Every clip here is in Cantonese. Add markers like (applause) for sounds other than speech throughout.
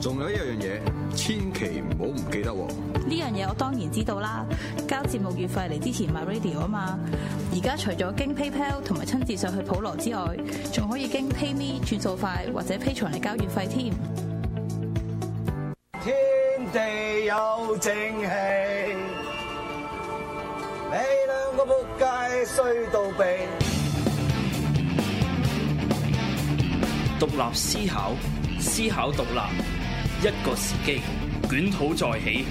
仲有一樣嘢，千祈唔好唔記得喎！呢樣嘢我當然知道啦，交節目月費嚟之前 m radio 啊嘛！而家除咗經 PayPal 同埋親自上去普羅之外，仲可以經 PayMe 轉數快或者 Pay 財嚟交月費添。天地有正氣，你兩個撲街衰到病，獨立思考，思考獨立。一個時機，捲土再起，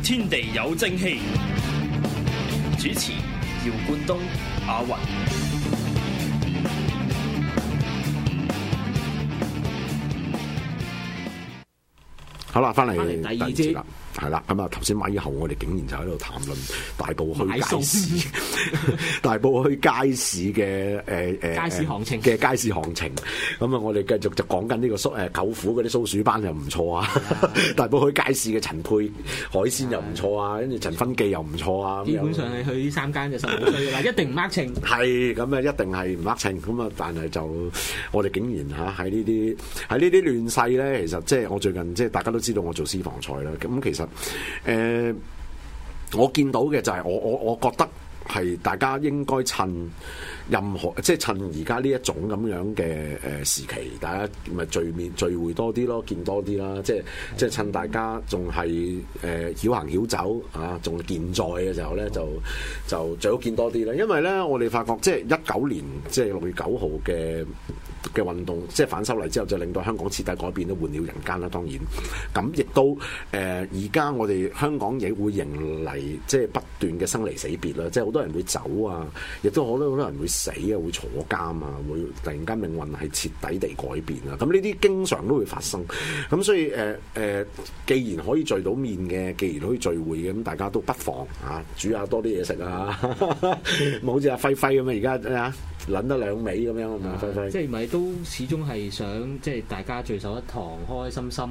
天地有正氣。主持：姚冠東、阿云。好啦，翻嚟第二節。係啦，咁啊，頭先晚以後，我哋竟然就喺度談論大埔墟街市，菜 (laughs) 大埔墟街市嘅、 (laughs) 呃、街市行情嘅、嗯、街市行情。咁啊，我哋繼續就講緊呢個舅舅蘇誒舅父嗰啲松鼠班又唔錯啊，的 (laughs) 大埔墟街市嘅陳佩海鮮又唔錯啊，跟住的陳芬記又唔錯啊。基本上係去呢三間就十五歲啦 (laughs) 一定唔呃秤。係咁啊，一定係唔呃秤。咁啊，但係就我哋竟然喺呢啲喺呢啲亂世咧，其實即係我最近即係大家都知道我做私房菜啦。咁其實。誒、嗯，我見到嘅就係、是、我我我覺得係大家應該趁。任何即係趁而家呢一種咁樣嘅誒時期，大家咪聚面聚會多啲咯，見多啲啦，即係即係趁大家仲係誒曉行曉走啊仲健在嘅時候咧，就就最好見多啲啦。因為咧，我哋發覺即係一九年即係六月九號嘅嘅運動即係反修例之後就令到香港徹底改變都換了人間啦。當然，咁亦都誒而家我哋香港亦會迎嚟即係不斷嘅生離死別啦。即係好多人會走啊，亦都好多好多人會死啊！會坐監啊！會突然間命運係徹底地改變啊！咁呢啲經常都會發生，咁所以誒誒、呃呃，既然可以聚到面嘅，既然可以聚會嘅，咁大家都不妨啊，煮下多啲嘢食啊，冇 (laughs) 好似阿輝輝咁啊而家啊。撚得兩味咁樣，啊嘛。即係咪都始終係想即係、就是、大家聚首一堂，開開心心、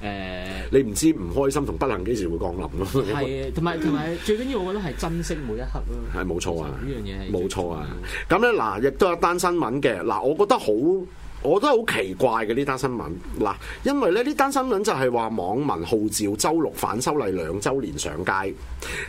呃、開開心心咁誒。你唔知唔開心同不幸幾時會降臨咯。係，同埋同埋最緊要，我覺得係珍惜每一刻咯。係冇錯啊！呢樣嘢係冇錯啊！咁咧嗱，亦都有單新聞嘅嗱，我覺得好。我都好奇怪嘅呢單新聞嗱，因為呢呢單新聞就係話網民號召周六反修例兩週年上街，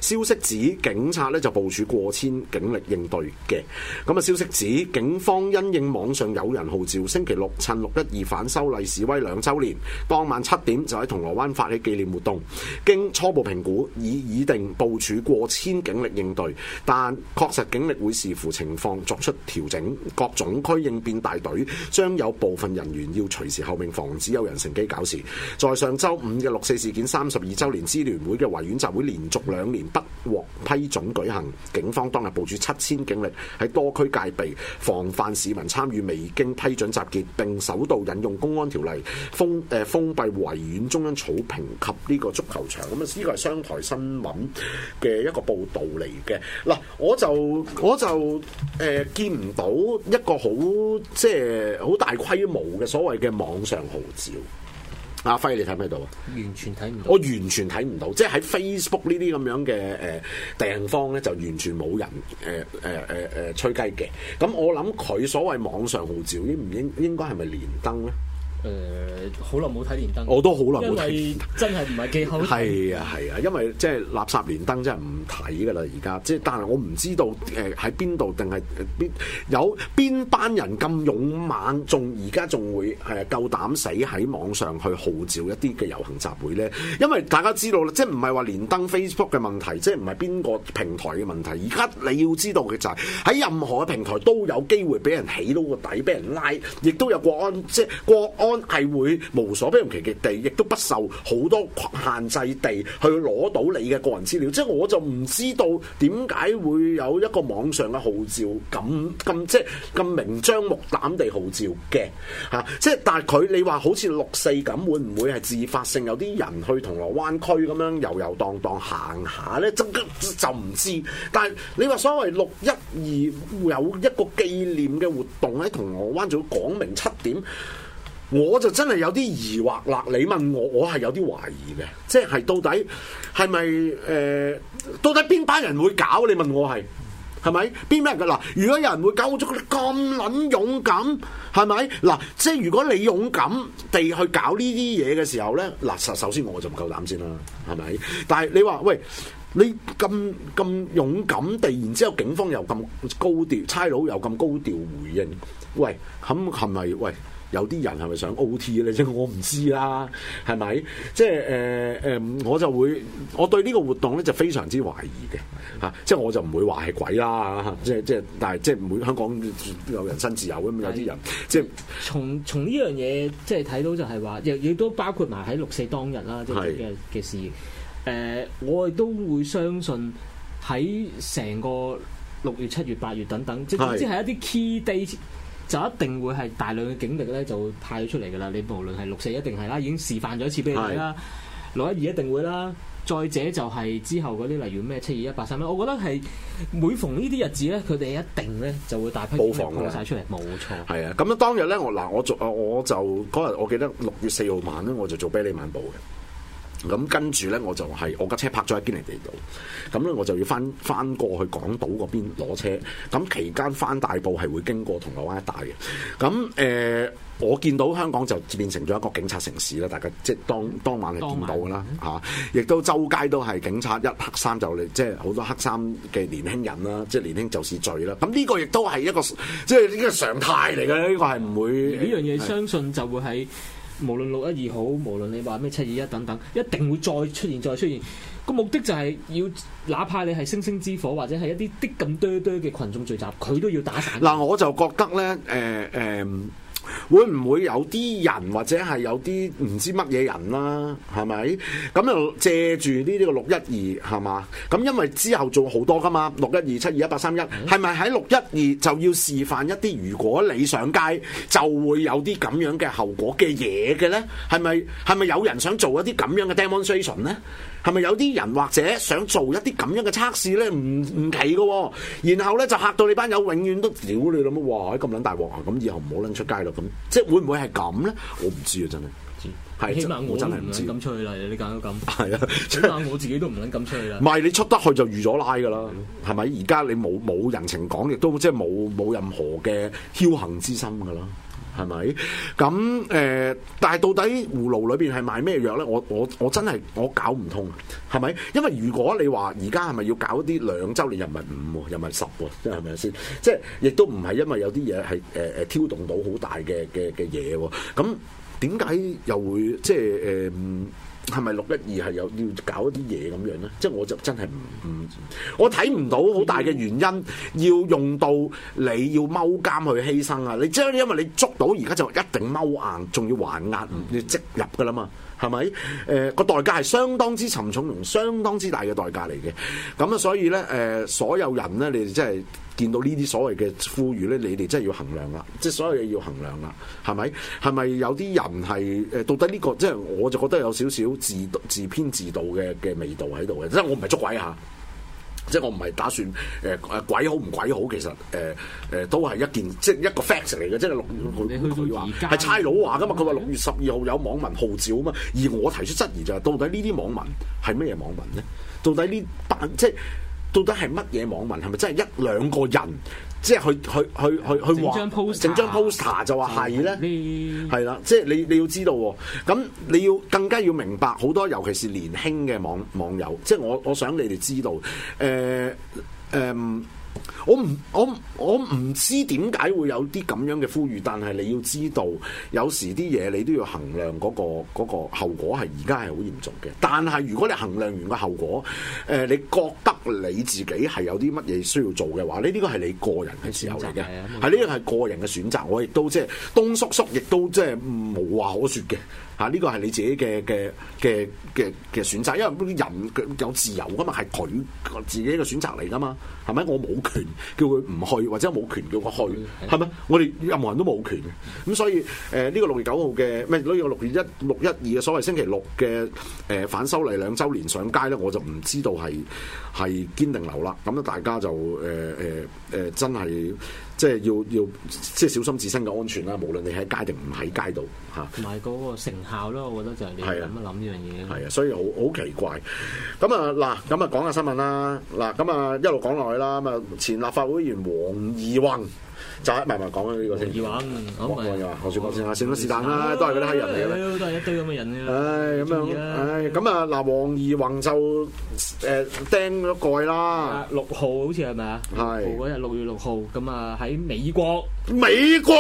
消息指警察呢就部署過千警力應對嘅。咁啊，消息指警方因應網上有人號召，星期六趁六一二反修例示威兩週年，當晚七點就喺銅鑼灣發起紀念活動，經初步評估已擬定部署過千警力應對，但確實警力會視乎情況作出調整，各總區應變大隊將有。有部分人員要隨時候命，防止有人乘機搞事。在上週五嘅六四事件三十二週年支聯會嘅維園集會，連續兩年不獲批准舉行。警方當日部署七千警力喺多區戒備，防範市民參與未經批准集結，並首度引用公安條例封誒封閉維園中央草坪及呢個足球場。咁啊，呢個係商台新聞嘅一個報導嚟嘅。嗱，我就我就誒見唔到一個好即係好大規模嘅所謂嘅網上號召，阿輝你睇唔睇到？完全睇唔到，我完全睇唔到。即係喺 Facebook、呃、呢啲咁樣嘅誒地方咧，就完全冇人誒誒誒誒吹雞嘅。咁我諗佢所謂網上號召應唔應應該係咪連登咧？誒，好耐冇睇連登，我都好耐冇睇，真係唔係幾好睇。係 (laughs) 啊係啊，因為即係垃圾連登真係唔睇㗎啦！而家即係但係我唔知道誒喺邊度定係邊有邊班人咁勇猛，仲而家仲會係啊夠膽死喺網上去號召一啲嘅遊行集會咧？因為大家知道啦，即係唔係話連登 Facebook 嘅問題，即係唔係邊個平台嘅問題，而家你要知道嘅就係喺任何嘅平台都有機會俾人起到個底，俾人拉，亦都有國安，即係國安。係會無所不用其極地，亦都不受好多限制地去攞到你嘅個人資料。即係我就唔知道點解會有一個網上嘅號召咁咁即係咁明張目膽地號召嘅吓、啊。即係但係佢你話好似六四咁，會唔會係自發性有啲人去銅鑼灣區咁樣遊游蕩蕩行下呢，就唔知道。但係你話所謂六一二會有一個紀念嘅活動喺銅鑼灣，早講明七點。.我就真係有啲疑惑啦，你問我，我係有啲懷疑嘅，即係到底係咪誒？到底邊班人會搞？你問我係係咪？邊班人嘅，嗱，如果有人會搞咗咁咁撚勇敢，係咪？嗱，即係如果你勇敢地去搞呢啲嘢嘅時候呢，嗱，首首先我就唔夠膽先啦，係咪？但係你話喂，你咁咁勇敢地，然之後警方又咁高調，差佬又咁高調回應，喂，咁係咪喂？有啲人係咪想 OT 咧、啊？即係我唔知啦，係咪？即係誒誒，我就會，我對呢個活動咧就非常之懷疑嘅嚇、啊。即係我就唔會話係鬼啦。啊、即係即係，但係即係唔會香港有人身自由咁，有啲人的即係從從呢樣嘢即係睇到就係話，亦亦都包括埋喺六四當日啦，即係嘅嘅事。誒是的、呃，我亦都會相信喺成個六月、七月、八月等等，即係總之係一啲 key date。就一定會係大量嘅警力咧，就會派咗出嚟噶啦。你無論係六四一定係啦，已經示範咗一次俾你啦。是的 六一二一定會啦。再者就係之後嗰啲例如咩七二一八三，7, 2, 1, 8, 3, 我覺得係每逢呢啲日子咧，佢哋一定咧就會大批防暴㗎沒錯。派曬出嚟，冇錯。係啊，咁啊當日咧，我嗱我做我就嗰日我，我記得六月四號晚咧，我就做比利晚報嘅。咁跟住咧，我就係、是、我架車泊咗喺堅尼地度。咁咧我就要翻翻過去港島嗰邊攞車。咁期間翻大埔係會經過銅鑼灣一帶嘅。咁、呃、我見到香港就變成咗一個警察城市啦。大家即係當,當晚係見到噶啦嚇，亦都周街都係警察，一黑衫就嚟，即係好多黑衫嘅年輕人啦，即係年輕就是罪啦。咁呢個亦都係一個即係呢個常態嚟嘅，呢、呢個係唔會呢樣嘢，相信就會喺。無論六一二好，無論你話咩七二一等等，一定會再出現再出現。個目的就係要，哪怕你係星星之火，或者係一啲啲咁多堆堆嘅群眾聚集，佢都要打散。嗱，我就覺得呢，呃呃會唔會有啲人或者係有啲唔知乜嘢人啦、啊？係咪咁又借住呢啲個六一二係嘛？咁因為之後做好多噶嘛，六一二七二一八三一係咪喺六一二就要示範一啲？如果你上街就會有啲咁樣嘅後果嘅嘢嘅咧，係咪係咪有人想做一啲咁樣嘅 demonstration 咧？係咪有啲人或者想做一啲咁樣嘅測試咧？唔唔奇喎、哦！然後咧就嚇到你班友永遠都屌你諗乜哇！咁撚大鑊啊！咁以後唔好撚出街咯咁。即係會唔會係咁咧？我唔知啊，真係係起碼我真係唔知咁出去啦。你講到咁，係啊，我自己都唔想咁出去啦。唔係 (laughs) 你出得去就預咗拉噶啦，係咪的？而家你冇冇人情講，亦都即係冇冇任何嘅僥幸之心噶啦。係咪？咁誒、呃，但係到底葫蘆裏邊係賣咩藥咧？我我我真係我搞唔通，係咪？因為如果你話而家係咪要搞啲兩週年，又唔係五，又唔係十喎，即係咪先？即係亦都唔係因為有啲嘢係誒誒挑動到好大嘅嘅嘅嘢喎。咁點解又會即係誒？呃係咪六一二係有要搞一啲嘢咁樣咧？即係我就真係唔唔，我睇唔到好大嘅原因要用到你要踎監去犧牲啊！你將因為你捉到而家就一定踎硬，仲要還押要即入噶啦嘛？係咪？誒，個代價係相當之沉重同相當之大嘅代價嚟嘅。咁啊，所以咧誒，所有人咧，你哋真係～見到呢啲所謂嘅呼籲咧，你哋真係要衡量啦，即係所有嘢要衡量啦，係咪？係咪有啲人係到底呢、呢個即係、就是、我就覺得有少少自自編自導嘅嘅味道喺度嘅，即係我唔係捉鬼下，即係我唔係打算誒、呃、鬼好唔鬼好，其實誒、呃呃、都係一件即係一個 facts 嚟嘅，即係六月。佢佢話係差佬話噶嘛？佢話六月十二號有網民號召啊嘛。的而我提出質疑就係到底呢啲網民係咩嘢網民咧？到底呢單即係？到底係乜嘢網民？係咪真係一兩個人？即係去去去去去畫整張 poster 就話係咧，係啦的，即係的你你要知道，咁你要更加要明白好多，尤其是年輕嘅網網友。即係我我想你哋知道，誒、呃、誒。呃我唔我我唔知點解會有啲咁樣嘅呼籲，但係你要知道，有時啲嘢你都要衡量嗰個嗰個後果係而家係好嚴重嘅，但係如果你衡量完個後果，誒，你覺得你自己係有啲乜嘢需要做嘅話，呢呢個係你個人嘅時候嚟嘅，係呢個係個人嘅選擇。我亦都即係東叔叔亦都即係無話可說嘅。嚇！呢個係你自己嘅嘅嘅嘅嘅選擇，因為人有自由噶嘛，係佢自己一個選擇嚟噶嘛，係咪？我冇權叫佢唔去，或者冇權叫我去，係咪？我哋任何人都冇權嘅。咁所以這，誒呢個六月九號嘅，咩？係，嗰六月一六一二嘅所謂星期六嘅誒反修例兩週年上街咧，我就唔知道係係堅定流啦。咁咧，大家就誒誒誒，真係。即係要要即係小心自身嘅安全啦，無論你喺街定唔喺街度嚇，同埋嗰個成效咯，我覺得就係你係咁樣諗呢樣嘢。係啊，啊，所以好好奇怪。咁啊嗱，咁啊講、啊啊啊啊啊、下新聞啦。嗱、啊，咁啊一路講落去啦。咁啊前立法會議員黃宜宏。就一埋埋講啦，呢個先。二玩啊！我唔講嘢啊，何處講先啊？算啦，是但啦，都係嗰啲黑人嚟嘅。都係一堆咁嘅人嚟嘅。唉，咁樣，唉，咁啊，嗱，王二宏就誒釘咗蓋啦。六號好似係咪啊？係。嗰日六月六號，咁啊喺美國。美國。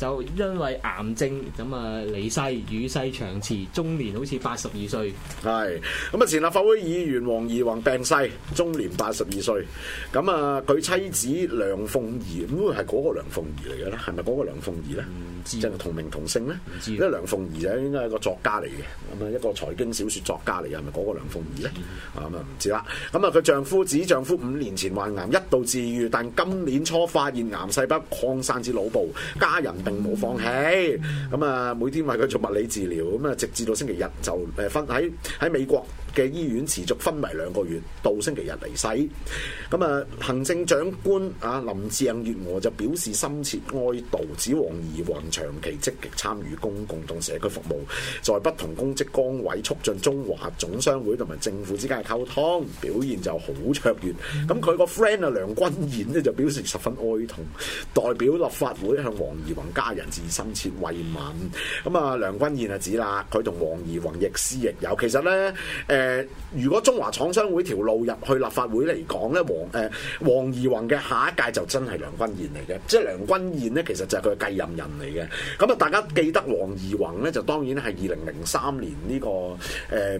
就因為癌症咁啊，離世與世長辭，終年好似八十二歲。係咁啊，前立法會議員黃宜弘病逝，終年八十二歲。咁啊，佢妻子梁鳳儀，咁啊係嗰個梁鳳儀嚟嘅咧？係咪嗰個梁鳳儀咧？唔知真係同名同姓咩？唔知。因為梁鳳儀就應該係個作家嚟嘅，咁啊一個財經小説作家嚟嘅，係咪嗰個梁鳳儀咧？啊咁啊唔知啦。咁啊佢丈夫指丈夫五年前患癌一度治愈，但今年初發現癌細胞擴散至腦部，家人。唔好放棄，咁啊，每天為佢做物理治療，咁啊，直至到星期日就誒分喺喺美國。嘅醫院持續昏迷兩個月，到星期日離世。咁啊，行政長官啊林鄭月娥就表示深切哀悼，指黃宜弘長期積極參與公共同社區服務，在不同公職崗位促進中華總商會同埋政府之間嘅溝通，表現就好卓越。咁佢個 friend 啊梁君彥呢就表示十分哀痛，代表立法會向黃宜弘家人致深切慰問。咁啊，梁君彥就指啦，佢同黃宜弘亦師亦友。其實呢。呃誒，如果中華廠商會條路入去立法會嚟講咧，黃誒黃宜宏嘅下一屆就真係梁君彥嚟嘅，即係梁君彥呢，其實就係佢嘅繼任人嚟嘅。咁啊，大家記得黃宜宏呢，就當然係二零零三年呢、這個誒。呃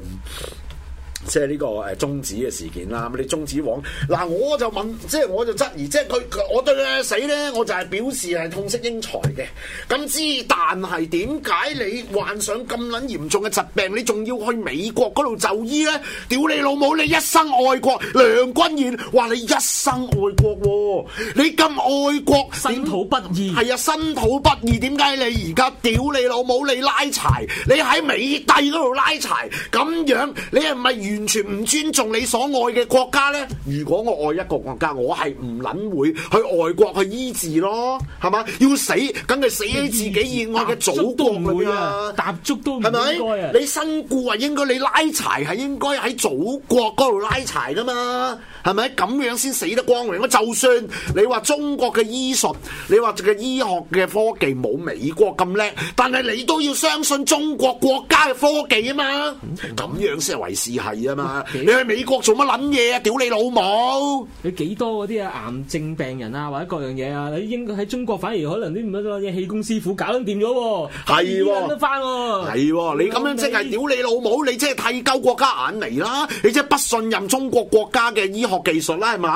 即係呢、這個誒終、呃、止嘅事件啦，咁你終止往嗱我就問，即係我就質疑，即係佢我對佢死咧，我就係表示係痛惜英才嘅。咁之但係點解你患上咁捻嚴重嘅疾病，你仲要去美國度就醫咧？屌你老母，你一生愛國，梁君彥話你一生愛國、哦，你咁愛國，身土不義係啊，身土不義。點解、啊、你而家屌你老母，你拉柴，你喺美帝度拉柴，咁樣你係唔係？完全唔尊重你所愛嘅國家呢？如果我愛一個國家，我係唔諗會去外國去醫治咯，係嘛？要死梗係死喺自己以外嘅祖國噶啦。會啊、踏足都唔該啊。係咪？你身故啊，吧啊故應該你拉柴係應該喺祖國嗰度拉柴噶嘛？係咪？咁樣先死得光榮。就算你話中國嘅醫術，你話嘅醫學嘅科技冇美國咁叻，但係你都要相信中國國家嘅科技啊嘛。咁樣先為是係。啊嘛！你去美國做乜撚嘢啊？屌你老母！你幾多嗰啲啊癌症病人啊，或者各樣嘢啊？你應該喺中國反而可能啲咁多啲氣功師傅搞得掂咗喎，係喎，醫翻得翻喎，係喎！你咁樣即係屌你老母！你即係剃鳩國家眼嚟啦！你即係不信任中國國家嘅醫學技術啦，係咪？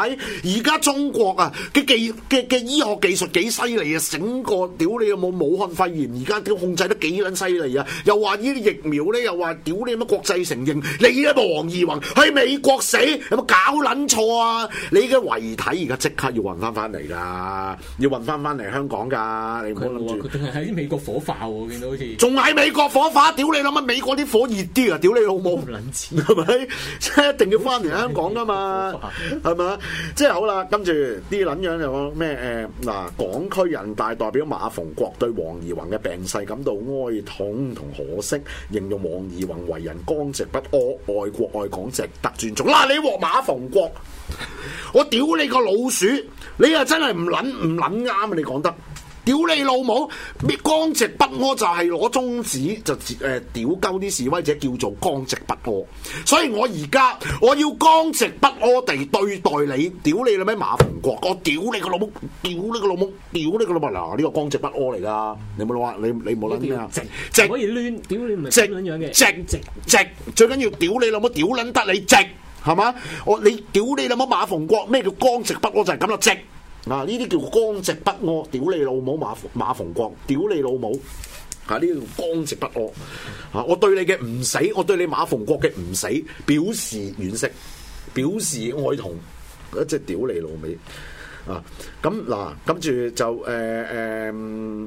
而家中國啊嘅技嘅嘅醫學技術幾犀利啊！整個屌你有冇！武漢肺炎而家點控制得幾撚犀利啊？又話呢啲疫苗咧，又話屌你乜國際承認你啊部？王二宏去美國死有冇搞撚錯啊？你嘅遺體而家即刻要運翻翻嚟啦，要運翻翻嚟香港噶。你唔好諗住，佢冇啊，佢仲係喺美國火化喎，我見到好似。仲喺美國火化，屌你諗下？美國啲火熱啲啊！屌你好冇，撚賊係咪？即係吧 (laughs) 一定要翻嚟香港噶嘛，係咪？即係好啦，跟住啲撚樣有咩？誒、呃、嗱，港區人大代表馬逢國對王二宏嘅病逝感到哀痛同可惜，形容王二宏為人剛直不阿，愛國國外講值得尊重，嗱、啊、你獲馬逢國，我屌你個老鼠，你又真係唔撚唔撚啱啊！你講得。屌你老母！咩剛直不阿就係攞中指就誒，屌鳩啲示威者叫做剛直不阿。所以我而家我要剛直不阿地對待你，屌你啦咩馬逢國？我屌你個老母，屌你個老母，屌你個老母！嗱，呢個、啊、剛直不阿嚟㗎，你冇諗，你你冇諗咩啊？你直，直可以亂，屌你唔係直咁樣嘅，直直直，直最緊要屌你老母，屌捻得你直係嘛？我你屌你老母馬逢國，咩叫剛直不阿就係咁啦，直。嗱，呢啲、啊、叫剛直不阿，屌你老母馬馬逢國，屌你老母，啊呢叫剛直不阿，啊我對你嘅唔死，我對你馬逢國嘅唔死，表示惋惜，表示哀痛，一、啊、隻、就是、屌你老味，啊咁嗱，跟住、啊、就誒誒。呃呃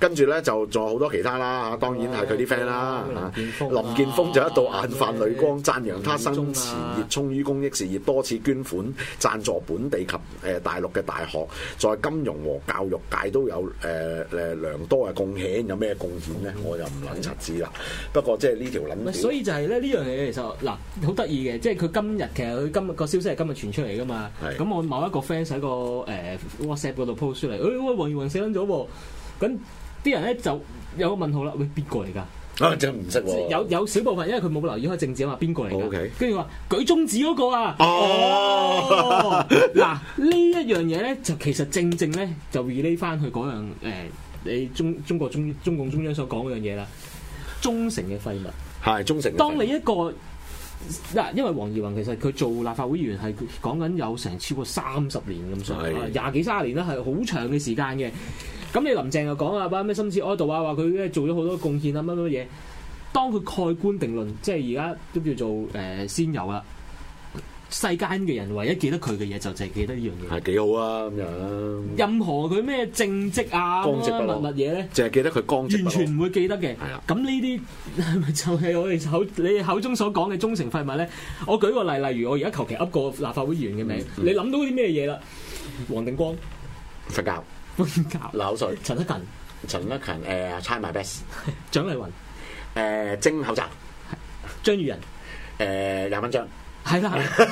跟住咧就仲有好多其他啦，當當然係佢啲 friend 啦。林建峰就一度眼泛淚光，哎、讚揚他生前熱衷於公益事業，多次捐款贊助本地及、呃、大陸嘅大學，在金融和教育界都有、呃、良多嘅貢獻。有咩貢獻呢？我就唔捻察字啦。的不過即係呢條撚，所以就係咧呢樣嘢其實嗱好得意嘅，即係佢今日其實佢今日、個消息係今日傳出嚟噶嘛。咁的我某一個 friend 喺個、呃、WhatsApp 嗰度 po 出嚟，喂，黃耀煌死撚咗噃，咁、啊。啲人咧就有個問號啦，喂，邊個嚟噶？啊，就唔識喎。有有少部分，因為佢冇留意開政治啊嘛，邊個嚟噶？OK。跟住話舉中指嗰個啊。嗱，呢一樣嘢咧，就其實正正咧，就 relate 翻去嗰樣、欸、你中中國中中共中央所講嗰樣嘢啦，忠誠嘅廢物。係忠誠。當你一個嗱，因為黃宜弘其實佢做立法會議員係講緊有成超過三十年咁上下，廿幾三十年啦，係好長嘅時間嘅。咁你林鄭又講啊，咩深切哀悼啊，話佢做咗好多貢獻啊，乜乜嘢？當佢蓋棺定論，即係而家都叫做誒、呃、先有啦。世間嘅人唯一記得佢嘅嘢，就淨係記得呢樣嘢。係幾好啊咁樣。嗯、任何佢咩政績啊，乜乜嘢咧，淨係記得佢光直。完全唔會記得嘅。咁呢啲係咪就係我哋口你口中所講嘅忠誠廢物咧？我舉個例，例如我而家求其噏個立法會議員嘅名，嗯嗯、你諗到啲咩嘢啦？黃定光。瞓覺。溫家柳水陳德勤陳德勤誒、uh,，try my best。蔣麗雲誒，蒸、uh, 口罩。張宇人誒，廿蚊張。係啦的。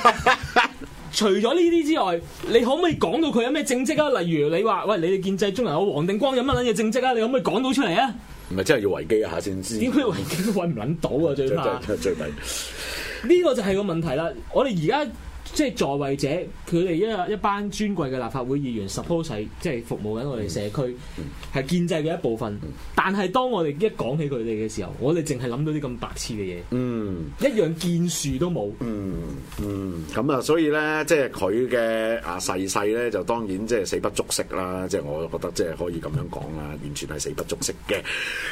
(laughs) 除咗呢啲之外，你可唔可以講到佢有咩政績啊？例如你話喂，你哋建制中人，有黃定光有乜撚嘢政績啊？你可唔可以講到出嚟啊？唔係，真係要維基一下先知。點解維基都搵唔撚到啊？最怕。 (laughs) 最呢 (laughs) (laughs) 個就係個問題啦。我哋而家。即係在位者，佢哋一一班尊貴嘅立法會議員 support 即係服務緊我哋社區，係、嗯嗯、建制嘅一部分。嗯、但係當我哋一講起佢哋嘅時候，我哋淨係諗到啲咁白痴嘅嘢，嗯，一樣建樹都冇、嗯，嗯嗯。咁、就是、啊，所以咧，即係佢嘅啊逝世咧，就當然即係死不足惜啦。即係我覺得即係可以咁樣講啦，完全係死不足惜嘅。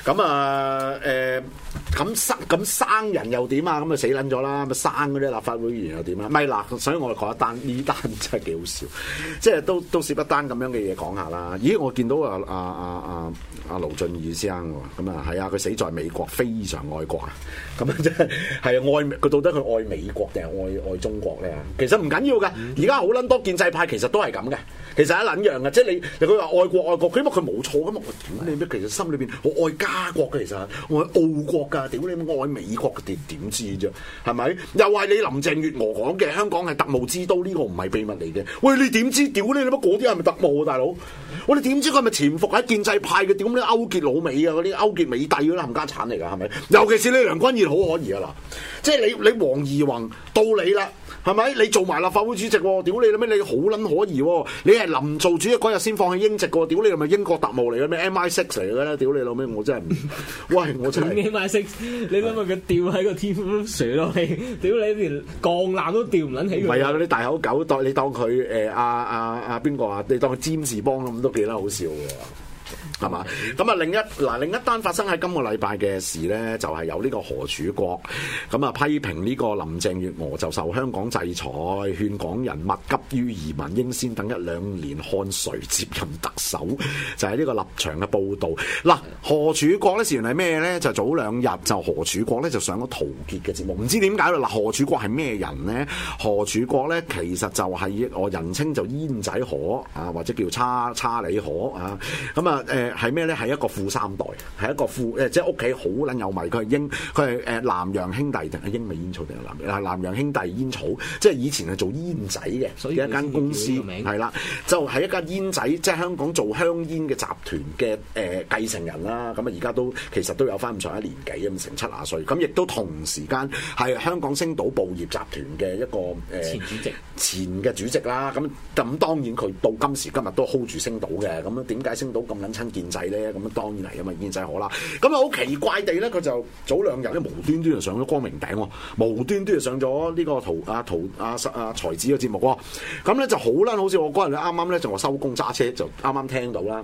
咁啊誒，咁生咁生人又點啊？咁啊死撚咗啦，咪生嗰啲立法會議員又點啊？咪係嗱。啊我哋講一單呢單真係幾好笑，即係都都不一單咁樣嘅嘢講下啦。咦，我見到阿阿阿阿阿盧俊義先生喎，咁啊係啊，佢死在美國，非常愛國啊。咁啊真係係啊愛佢到底佢愛美國定係愛愛中國咧？其實唔緊要㗎，而家好撚多建制派其實都係咁嘅，其實係一撚樣嘅，即係你佢話愛國愛國，因為佢冇錯噶嘛。我屌你咩，其實心裏面我愛家國嘅，其實我愛澳國㗎，屌你愛美國嘅點點知啫？係咪？又係你林鄭月娥講嘅香港係。特務之都呢個唔係秘密嚟嘅。喂，你點知屌你，你乜嗰啲係咪特務啊，大佬？我哋點知佢係咪潛伏喺建制派嘅？點解勾結老美啊？嗰啲勾結美帝嗰啲冚家鏟嚟噶係咪？尤其是你梁君彥好可疑啊嗱，即係你你黃宜弘到你啦。係咪？你做埋立法會主席喎、哦？屌你老咩！你好撚可疑喎、哦！你係臨做主席嗰日先放棄英籍喎、哦？屌你係咪英國特務嚟嘅咩？MI6 嚟嘅咧？屌你老咩！我真係唔， (laughs) 喂！我真係。你 MI6，你諗下佢吊喺個天 fall 屌你連鋼纜都吊唔撚起。唔係啊！嗰啲大口狗當你當佢誒阿阿阿邊個啊？你當佢占士 e 邦咁都幾得好笑喎。係嘛？咁啊、嗯嗯，另一嗱，另一單發生喺今個禮拜嘅事咧，就係、是、有呢個何柱國咁啊，批評呢個林鄭月娥就受香港制裁，勸港人勿急於移民，應先等一兩年看誰接任特首，就係呢個立場嘅報道。嗱、嗯就是，何柱國咧，事源係咩咧？就早兩日就何柱國咧，就上咗陶傑嘅節目，唔知點解啦。嗱，何柱國係咩人咧？何柱國咧，其實就係、是、我人稱就煙仔河，啊，或者叫叉叉李河。啊，咁啊係咩咧？係一個富三代，係一個富誒，即係屋企好撚有米。佢係英，佢係誒南洋兄弟定係英美煙草定係南南洋兄弟煙草？即係以前係做煙仔嘅嘅所以一間公司，係啦，就係、是、一間煙仔，即係香港做香煙嘅集團嘅誒、呃、繼承人啦。咁啊，而家都其實都有翻咁上下年紀咁、呃，成七啊歲。咁亦都同時間係香港星島報業集團嘅一個、呃、前主席，前嘅主席啦。咁咁當然佢到今時今日都 hold 住星島嘅。咁樣點解星島咁撚親結？咧，咁啊當然係啊嘛，現仔好啦。咁啊好奇怪地咧，佢就早兩日咧無端端就上咗光明頂，無端端就上咗呢個陶，陶啊陶啊啊才子嘅節目。咁咧就好啦，好似我嗰日啱啱咧就收工揸車就啱啱聽到啦。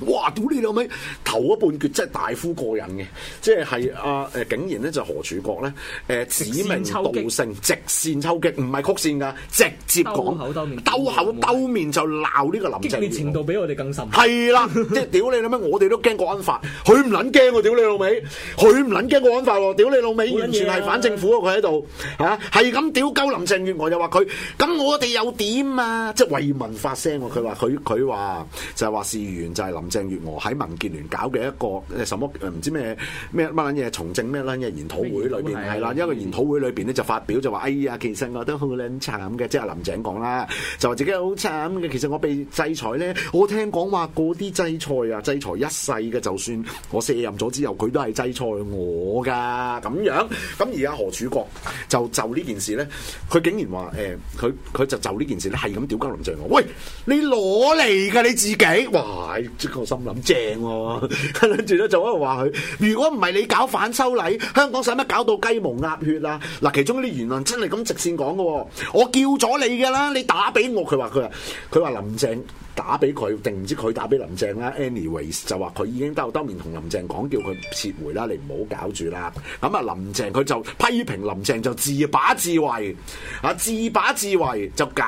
哇！屌你老味，頭一半決真係大呼過癮嘅，即係係、啊啊、竟然咧就何柱國咧指名道姓直線抽擊，唔係曲線㗎，直接講兜口兜面就鬧呢個林鄭，激烈程度比我哋更深。係啦的， (laughs) 即係屌你老尾，我哋都驚過安法，佢唔撚驚喎，屌你老味，佢唔撚驚過安法喎，屌你老味，啊、完全係反政府啊！佢喺度係咁屌鳩林鄭月娥，我我又話佢，咁我哋又點啊？即係為民發聲喎、啊！佢話佢佢話就係、是、話事源就係、是、林月。鄭月娥喺民建聯搞嘅一個什麼唔知咩咩乜捻嘢，從政咩捻嘢研討會裏邊係啦，一個、嗯、研討會裏邊咧就發表就話，嗯、哎呀，其實我都好捻慘嘅，即係林鄭講啦，就話、是、自己好慘嘅，其實我被制裁咧，我聽講話嗰啲制裁啊，制裁一世嘅，就算我卸任咗之後，佢都係制裁我噶咁樣。咁而家何柱國就就呢件事咧，佢竟然話誒，佢、欸、佢就就呢件事咧係咁屌鳩林鄭月娥，喂，你攞嚟噶你自己，哇！我心諗正喎、啊， (laughs) 跟住咧就喺度話佢：如果唔係你搞反修例，香港使乜搞到雞毛鴨血啊？嗱，其中啲言論真係咁直線講嘅喎，我叫咗你嘅啦，你打俾我。佢話佢話，佢話林鄭。打俾佢定唔知佢打俾林鄭啦，anyways 就話佢已經都當面同林鄭講，叫佢撤回啦，你唔好搞住啦。咁啊，林鄭佢就批評林鄭就自把自為啊，自把自為就搞。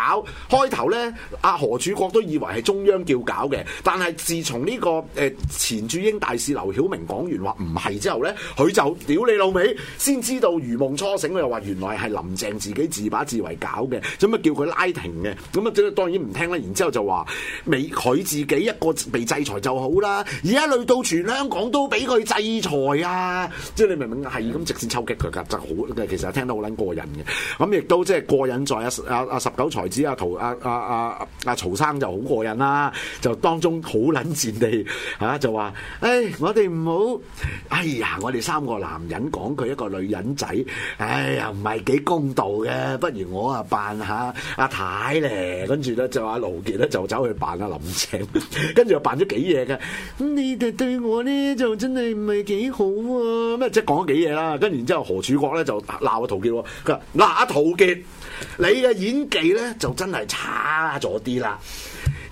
開頭呢，阿何柱國都以為係中央叫搞嘅，但係自從呢、呢個誒、呃、前駐英大使劉曉明講完話唔係之後呢，佢就屌你老味，先知道如夢初醒，佢又話原來係林鄭自己自把自為搞嘅，咁咪叫佢拉停嘅，咁啊，當然唔聽啦。然之後就話。未佢自己一個被制裁就好啦，而家累到全香港都俾佢制裁啊！即係你明唔明啊？係咁直接抽擊佢噶，就好。其實聽得好撚過癮嘅，咁亦都即係過癮在阿、啊、十九才子阿、啊啊啊、曹阿阿曹生就好過癮啦、啊，就當中好撚賤地、啊、就話，唉、哎，我哋唔好，哎呀，我哋三個男人講佢一個女人仔，哎呀，唔係幾公道嘅，不如我啊扮下阿太咧，跟住咧就話勞傑咧就走去扮。阿林鄭，跟住又扮咗幾嘢嘅，咁你哋對我呢就真係唔係幾好啊！咩即係講咗幾嘢啦，跟住然之後何柱國咧就鬧阿陶傑，佢話嗱阿陶傑，你嘅演技咧就真係差咗啲啦，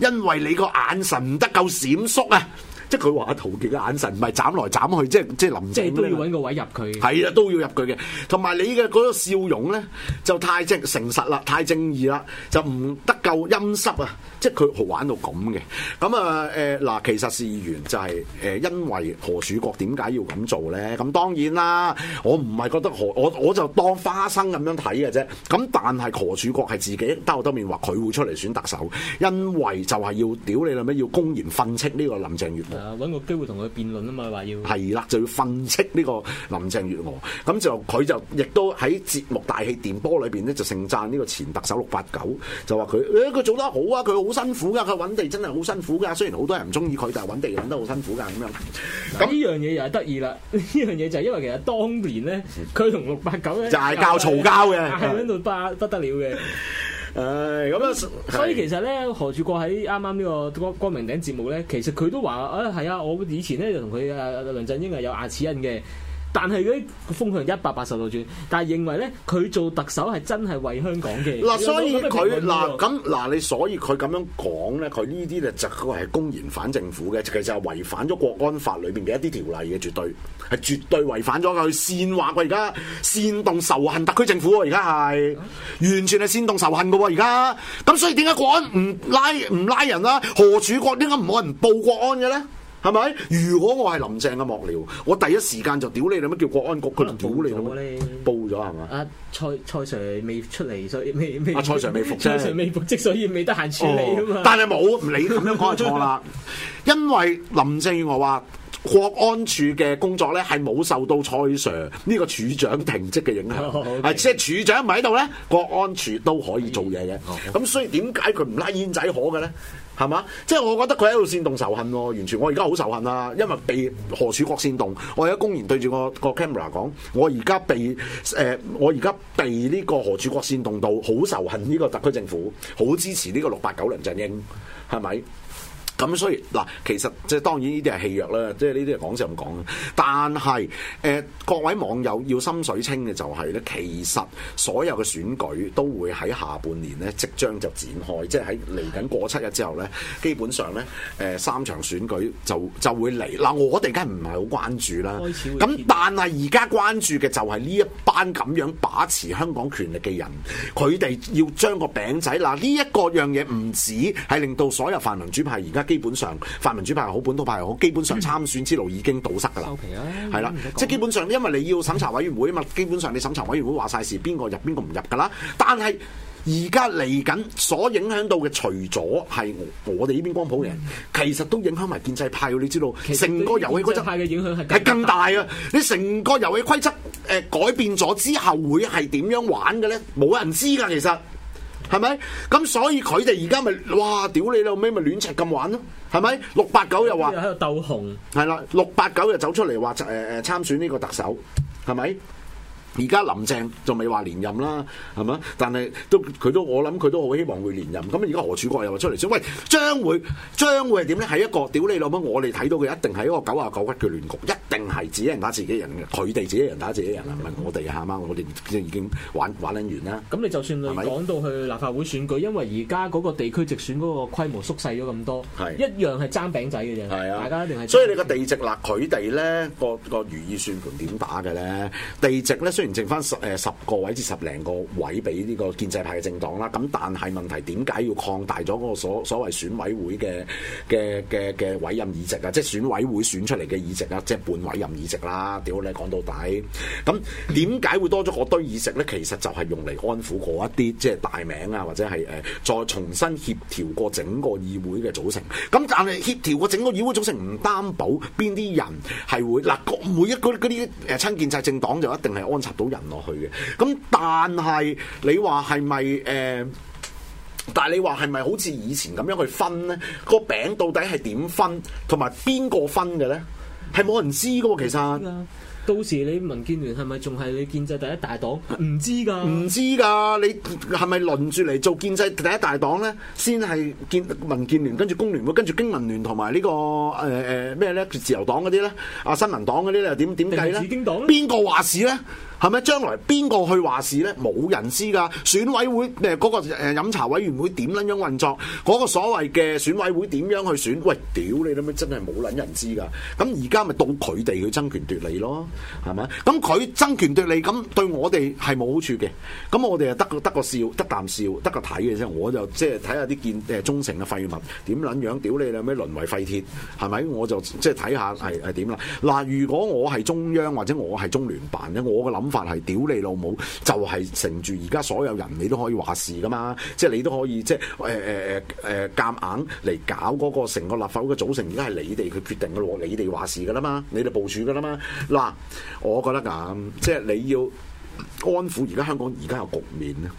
因為你個眼神唔得夠閃縮啊！即係佢話阿陶傑嘅眼神唔係斬來斬去，就是、即係即係林鄭都要揾個位入佢。係啊，都要入佢嘅。同埋你嘅嗰個笑容咧，就太正誠實啦，太正義啦，就唔得。夠陰濕啊！即係佢好玩到咁嘅。咁啊，誒、呃、嗱，其實事緣就係、是、誒、呃，因為何柱國點解要咁做咧？咁當然啦，我唔係覺得何，我我就當花生咁樣睇嘅啫。咁但係何柱國係自己兜口兜面話佢會出嚟選特首，因為就係要屌你啦咩？要公然訓斥呢個林鄭月娥。揾個機會同佢辯論啊嘛，話要係啦，就要訓斥呢個林鄭月娥。咁就佢就亦都喺節目《大氣電波》裏邊咧，就盛讚呢個前特首六八九，就話佢。佢、欸、做得好啊！佢好辛苦噶、啊，佢揾地真係好辛苦噶、啊。雖然好多人唔中意佢，但係揾地揾得好辛苦噶、啊、咁樣。咁呢樣嘢又係得意啦！呢樣嘢就係因為其實當年咧，佢同六八九咧就係教嘈交嘅，喺度巴不得了嘅。唉、呃，咁啊，所以其實咧，何柱國喺啱啱呢個光光明頂節目咧，其實佢都話啊，係啊，我以前咧就同佢啊，梁振英係有牙齒印嘅。但係佢啲風向一百八十度轉，但係認為咧，佢做特首係真係為香港嘅。嗱、啊，所以佢嗱咁嗱你，所以佢咁樣講咧，佢呢啲就係公然反政府嘅，就係違反咗國安法裏邊嘅一啲條例嘅，絕對係絕對違反咗佢煽惑佢而家，煽動仇恨特區政府喎，而家係完全係煽動仇恨嘅喎，而家。咁所以點解國安唔拉唔拉人啦、啊？何處國點解唔冇人報國安嘅咧？係咪？如果我係林鄭嘅幕僚，我第一時間就屌你，你乜叫國安局，佢屌你啦？報咗係嘛？啊，蔡蔡 Sir 未出嚟，所以未未。啊，蔡 Sir 未復蔡 Sir 未復職，是所以未得閒處理啊、哦、嘛。但係冇，你咁樣講錯啦。 (laughs) 因為林鄭月娥話，國安處嘅工作咧係冇受到蔡 Sir 呢個處長停職嘅影響，係、oh, okay. 即係處長唔喺度咧，國安處都可以做嘢嘅。咁、oh, okay. 所以點解佢唔拉煙仔可嘅咧？係嘛？即係我覺得佢喺度煽動仇恨咯、哦，完全我而家好仇恨啊！因為被何柱國煽動，我而家公然對住我個 camera 講，我而家被誒、呃，我而家被呢個何柱國煽動到好仇恨呢個特區政府，好支持呢個六八九梁振英，係咪？咁所以嗱，其實即係當然呢啲係戲約啦，即係呢啲係講就咁講，啦。但係誒、呃、各位網友要心水清嘅就係、是、咧，其實所有嘅選舉都會喺下半年咧即將就展開，即係喺嚟緊過七日之後咧，基本上咧誒、呃、三場選舉就就會嚟。嗱，我哋梗係唔係好關注啦？咁但係而家關注嘅就係呢一班咁樣把持香港權力嘅人，佢哋要將個餅仔嗱呢一個樣嘢唔止係令到所有泛民主派而家。基本上，泛民主派又好，本土派又好，基本上參選之路已經堵塞㗎啦。收皮啦係啦！即係基本上，因為你要審查委員會嘛，基本上你審查委員會話晒事，邊個入邊個唔入㗎啦。但係而家嚟緊所影響到嘅，除咗係我哋呢邊光譜嘅，人其實都影響埋建制派。你知道，成個遊戲規則嘅影響係係更大啊！你成個遊戲規則誒改變咗之後會係點樣玩嘅咧？冇人知㗎，其實。係咪？咁所以佢哋而家咪哇，屌你老味咪亂賊咁玩咯，係咪？六八九又話喺度鬥紅，係啦，六八九又走出嚟話誒誒參選呢個特首，係咪？而家林鄭就未話連任啦，係嘛？但係都佢都我諗佢都好希望會連任。咁而家何柱國又話出嚟講，喂，將會將會係點咧？係一個屌你老母！我哋睇到嘅一定係一個九啊九屈嘅亂局，一定係自己人打自己人，佢哋自己人打自己人係咪、嗯？我哋嚇啱我哋已經玩玩撚完啦。咁你就算講到去立法會選舉，吧因為而家嗰個地區直選嗰個規模縮細咗咁多，是的一樣係爭餅仔嘅啫。係啊，的是的所以你個地籍立佢哋咧個個如意算盤點打嘅咧？地籍咧雖然。剩翻十誒、呃、十個位至十零個位俾呢個建制派嘅政黨啦，咁但係問題點解要擴大咗嗰個所所謂選委會嘅嘅嘅嘅委任議席啊？即係選委會選出嚟嘅議席啊，即係半委任議席啦。屌你講到底，咁點解會多咗嗰堆議席咧？其實就係用嚟安撫嗰一啲即係大名啊，或者係誒、呃、再重新協調過整個議會嘅組成。咁但係協調過整個議會組成唔擔保邊啲人係會嗱、啊，每一個嗰啲誒親建制政黨就一定係安插。到人落去嘅，咁但係你話係咪誒？但係你話係咪好似以前咁樣去分咧？個餅到底係點分，同埋邊個分嘅咧？係冇人知噶，其實。到時你民建聯係咪仲係你建制第一大黨？唔知噶，唔知噶，你係咪輪住嚟做建制第一大黨咧？先係建民建聯，跟住工聯會，跟住經民聯、這個，同埋、呃呢個誒誒咩咧？自由黨嗰啲咧，啊新民黨嗰啲咧，又點點計咧？邊個話事咧？係咪？將來邊個去話事咧？冇人知噶。選委會誒，嗰個誒飲茶委員會點撚樣運作？嗰個所謂嘅選委會點樣去選？喂，屌你諗咩？真係冇撚人知噶。咁而家咪到佢哋去爭權奪利咯，係咪？咁佢爭權奪利，咁對我哋係冇好處嘅。咁我哋啊得個得個笑，得啖笑，得個睇嘅啫。我就即係睇下啲建忠誠嘅廢物點撚樣，屌你啦咩？淪為廢鐵係咪？我就即係睇下係係點啦。嗱，啊，如果我係中央或者我係中聯辦咧，我嘅諗。法係屌你老母，就係、是、乘住而家所有人，你都可以話事噶嘛，即係你都可以即係誒誒誒誒夾硬嚟搞嗰個成個立法會嘅組成，而家係你哋去決定嘅咯，你哋話事噶啦嘛，你哋部署噶啦嘛，嗱，我覺得咁，即係你要安撫而家香港而家有局面咧。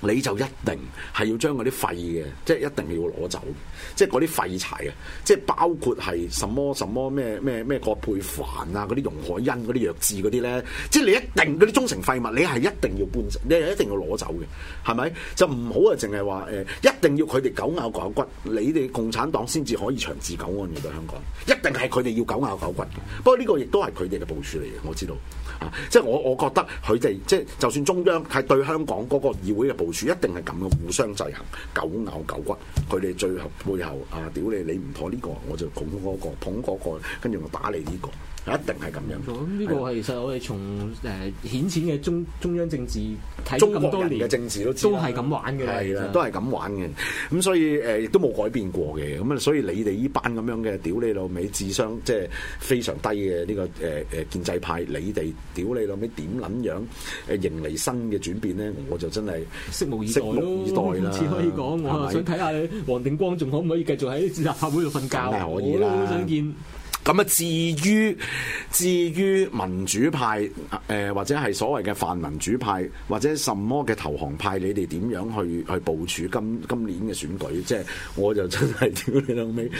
你就一定係要將嗰啲廢嘅，即係一定要攞走，即係嗰啲廢柴啊！即係包括係什麼什麼咩咩咩葛珮帆啊、嗰啲容海恩嗰啲弱智嗰啲咧，即係你一定嗰啲忠誠廢物，你係一定要搬，你係一定要攞走嘅，係咪？就唔好啊！淨係話誒，一定要佢哋狗咬狗骨，你哋共產黨先至可以長治久安嘅對香港，一定係佢哋要狗咬狗骨嘅。不過呢個亦都係佢哋嘅部署嚟嘅，我知道。啊！即係我，我覺得佢哋即係就算中央係對香港嗰個議會嘅部署，一定係咁嘅互相制衡、狗咬狗骨。佢哋最後背後啊，屌你！你唔妥呢個，我就捧嗰個，捧嗰個，跟住我打你呢個。一定係咁樣。呢、嗯這個係其實我哋從誒、呃、顯淺嘅中中央政治，睇咁多年嘅政治都都係咁玩嘅啦，的實都係咁玩嘅。咁、嗯、所以誒亦、呃、都冇改變過嘅。咁所以你哋呢班咁樣嘅屌你老味智商，即係非常低嘅呢、這個誒誒、呃、建制派，你哋屌你老味點撚樣誒迎嚟新嘅轉變咧？我就真係拭目以待咯。唔似可以講，對吧我想睇下黃定光仲可唔可以繼續喺立法會度瞓覺。可以啦，想見。咁啊，至於至於民主派，誒、呃、或者係所謂嘅泛民主派，或者什麼嘅投降派，你哋點樣去去部署今今年嘅選舉？即係我就真係屌你老味，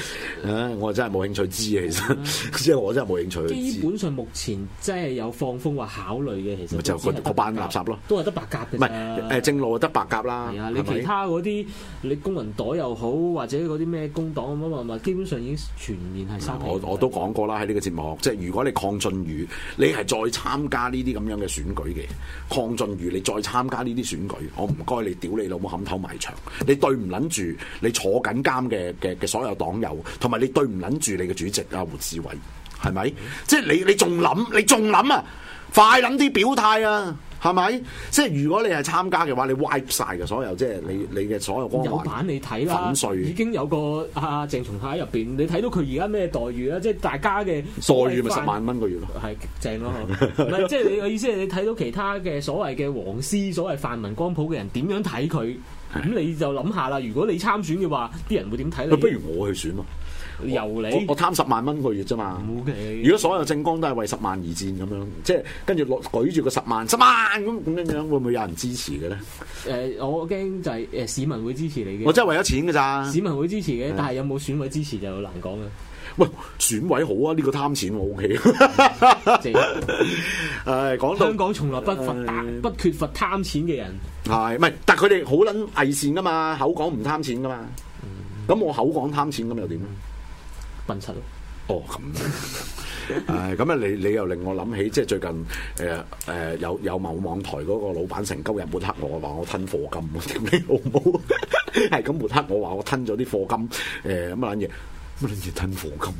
啊！ (laughs) (laughs) 我真係冇興趣知道，其實即係、嗯、 (laughs) 我真係冇興趣知道。基本上目前即係有放風話考慮嘅，其實就嗰班垃圾咯，都係得白鴿。唔係誒，正路得白鴿啦。係啊，你其他嗰啲，吧你工人黨又好，或者嗰啲咩工黨咁樣，咪基本上已經全面係收皮。我我都講過啦，喺呢個節目，即係如果你鄺俊宇，你係再參加呢啲咁樣嘅選舉嘅，鄺俊宇你再參加呢啲選舉，我唔該你屌你老母冚頭埋牆，你對唔撚住你坐緊監嘅嘅嘅所有黨友，同埋你對唔撚住你嘅主席阿胡志偉，係咪？即係你你仲諗，你仲諗啊？快諗啲表態啊！係咪？即係如果你係參加嘅話，你 wipe 曬嘅所有，即係你你嘅所有光環。有版你睇啦，粉碎已經有個阿鄭松泰喺入邊，你睇到佢而家咩待遇啦？ (laughs) 即係大家嘅待遇咪十萬蚊個月咯，係正咯。唔係即係你嘅意思係你睇到其他嘅所謂嘅黃絲，所謂泛民光譜嘅人點樣睇佢？咁你就諗下啦。如果你參選嘅話，啲人會點睇你？不如我去選啊！我由你，我貪十萬蚊個月啫嘛。O K。如果所有政綱都係為十萬而戰咁樣，即、就、係、是、跟住攞舉住個十萬、十萬咁咁樣樣，會唔會有人支持嘅咧？誒、呃，我驚就係、是、誒、呃、市民會支持你的。我真係為咗錢噶咋。市民會支持嘅，是的但係有冇選委支持就難講啦。喂，選委好啊，呢、這個貪錢我 O K。誒、嗯，講、 (laughs) 哎、到香港從來不、哎、不缺乏不缺乏貪錢嘅人。係、哎，唔係？但係佢哋好捻偽善噶嘛，口講唔貪錢噶嘛。咁、嗯、我口講貪錢咁又點咧？迷咯，七哦咁，誒咁 (laughs) 啊！你你又令我諗起，即係最近誒誒、呃呃、有有某網台嗰個老闆成鳩人抹黑我，話我吞貨金，點你好唔好？係 (laughs) 咁抹黑我，話我吞咗啲貨金，誒咁乜撚嘢。乜嘢吞課金？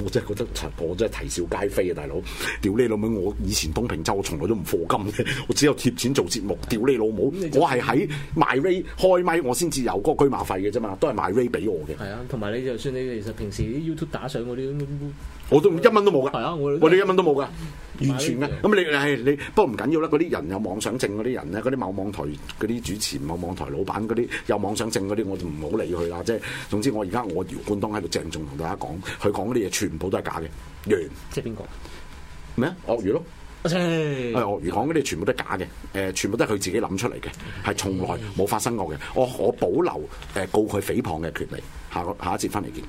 我真係覺得，我真係啼笑皆非啊！大佬，屌你老母！我以前東平洲我從來都唔課金嘅，我只有貼錢做節目。啊、屌你老母！就是、我係喺 MyRadio 開咪，我先至有嗰個居馬費嘅啫嘛，都係 MyRadio 俾我嘅。係啊，同埋你就算你其實平時 YouTube 打賞嗰啲。嗯我都一蚊都冇噶、嗯啊，我哋一蚊都冇噶不，完全嘅不。咁你，唉不，你不過唔緊要啦。嗰啲人有妄想症嗰啲人咧，嗰啲某網台嗰啲主持，某某主持、某網台老闆嗰啲有妄想症嗰啲，我就唔好理佢啦。即係總之，我而家我姚冠東喺度鄭重同大家講，佢講嗰啲嘢全部都係假嘅。完即係邊個？咩啊？鱷、啊、魚咯，阿 s i 鱷唉魚講嗰啲全部都係假嘅。誒、呃，全部都係佢自己諗出嚟嘅，係唉從來冇發生過嘅。我我保留誒、呃、告佢誹謗嘅權利。下個下一節翻嚟見。